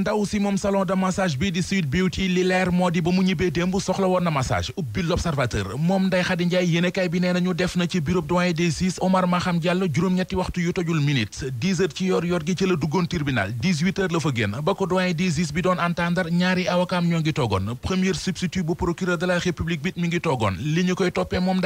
ndaw si moom salon de massage bii di Sweet Beauty li moo di ba mu ñibbee démb soxla woon na massage ubbi l'observateur moom Ndeye Khady Ndiaye yéenekaay bi nee nañu def na ci bureau Omar Maham Diallo juróom-ñetti waxtu yu tojul minutes 10 heures ci gi ci la duggoon tribunal 18 heures la fa génn ba ko doyen bi doon entendre ñaari awakaam ñoo ngi toogoon premier substitut bu procureur de la république bi mi ngi toogoon li ñu koy toppee moom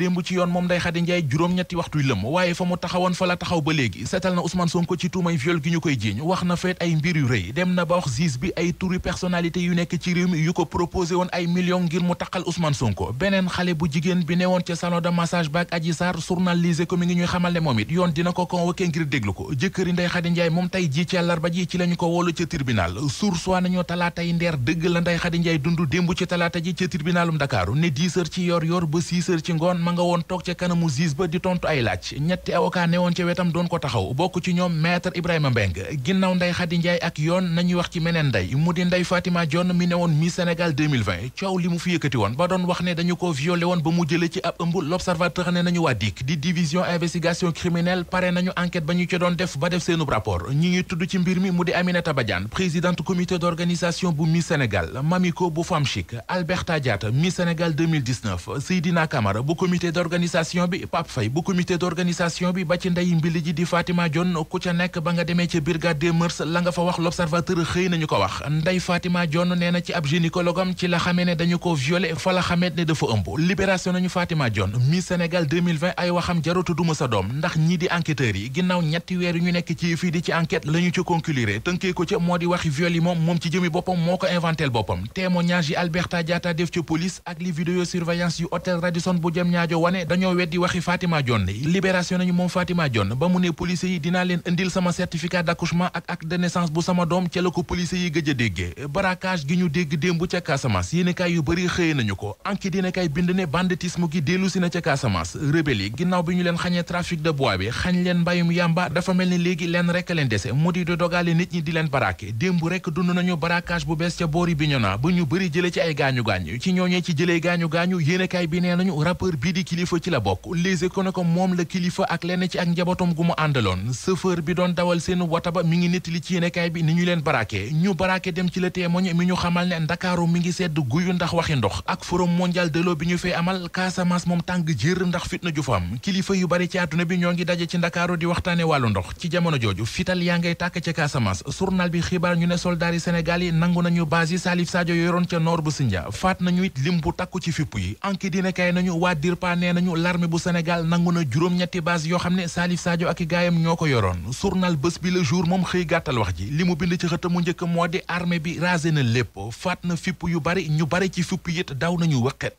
démb ci yoon moom Ndeye Khady Ndiaye juróom-ñetti waxtuy lëm waaye fa mu taxawoon fa la taxaw ba léegi seetal na Ousmane Sonko ci tuumay viol gi ñu koy jiiñ wax na feet ay mbir yu rëy dem na ba wax gis bi ay turi personnalité yu nekk ci réew yu ko proposé woon ay millions ngir mu taqal Ousmane Sonko beneen xale bu jigéen bi newoon ca salon de massage baak Adji Sarr journalisé ko mi ngi ñuy xamal ne moom it yoon dina ko convoqué ngir déglu ko jëkkëri Ndeye Khady Ndiaye moom tey ji ci àllarba ji ci lañu ko woolu ca tribunal sursoi nañoo talaata ndeer dëgg la Ndeye Khady Ndiaye dund démb ci talaata ji ca tribunalum Dakaaru ne 10 heures ci yor yor ba 6 ci ngoon ma nga woon toog ca kanamu juge di tontu ay laaj ñetti avocat ne ca wetam doon ko taxaw bokk ci ñoom maître Ibrahima Mbeng ginnaaw Ndeye Khady Ndiaye ak yoon nañuy wax ci meneen ndey mu di Ndeye Fatima Dione mi ne woon Miss Sénégal coow li mu fi yëkkati woon ba doon wax ne dañu ko violé woon ba mu jële ci ab ëmb l'observateur ne nañu waa DIC di division investigation criminelle pare nañu enquête ba ñu ca doon def ba def seenub rapport ñi ñuy tudd ci comité d'organisation bi Pape Faye bu comité d'organisation bi ba ci ndey mbili ji di Fatima Dione ku ca nekk ba nga demee ca brigade des mœurs la nga fa wax l'observateur xëy nañu ko wax ndey Fatima Dione nee na ci ab gynécologue am ci la xamee ne dañu ko violé fa la xamee ne dafa ëmb libération nañu Fatima Dione Miss Sénégal 2020 ay waxam jarutu duma sa doom ndax ñii di enquêteurs yi ginnaaw ñetti weer yu ñu nekk ci fii di ci enquête la ñu ci conclure tënkee ko ca moo di waxi viol moo ko inventel boppam témoignage yi Alberta Diatta def ca police li vidéo surveillance ñaajo nañu moom Fatima ba mu ne police yi dinaa leen indil sama certificat d'accouchement ak acte bu sama doom ca la ko police yi gëj a déggee gi ñu dégg démb ca Casamance yéenekaay yu bari xëye nañu ko enquête yéenekaay bind ne banditisme gi dellu na ca Casamance rebelle yi ginnaaw bi ñu leen xañee trafic de bois bi xañ leen mbayum yàmba dafa mel ni léegi leen rekk leen dese mu di dogaale nit ñi di leen baraake démb rekk dund nañu bi di kilifa ci la bokk Les Échos ne ko moom la kilifa ak lenn ci ak njabootam gu mu àndaloon chauffeur bi doon dawal seen wata ba mi ngi nettali ci yéenekaay bi ni ñu leen baraake ñu baraake dem ci la témoigne mi ñu xamal ne ndakaaru mi ngi sedd guyu ndax waxi ndox ak forum mondial de l'eau bi ñu fay amal Casamance moom tàng jër ndax fitna ju kilifa yu bari ci àdduna bi ñoo ngi daje ci ndakaaru di waxtaane wàllu ndox ci jamono jooju fital yaa ngay tàkk ca Ba nee nañu l'armée bu Sénégal nangu na juróom-ñetti base yoo xam ne Salif Sadio ak i gaayam ñoo ko yoroon journal bés bi le jour moom xëy gàttal wax ji li mu bind ci xët mu njëkk moo di armée bi rasé na lépp faat na fipp yu bari ñu bari ci fipp yit daw nañu wëqet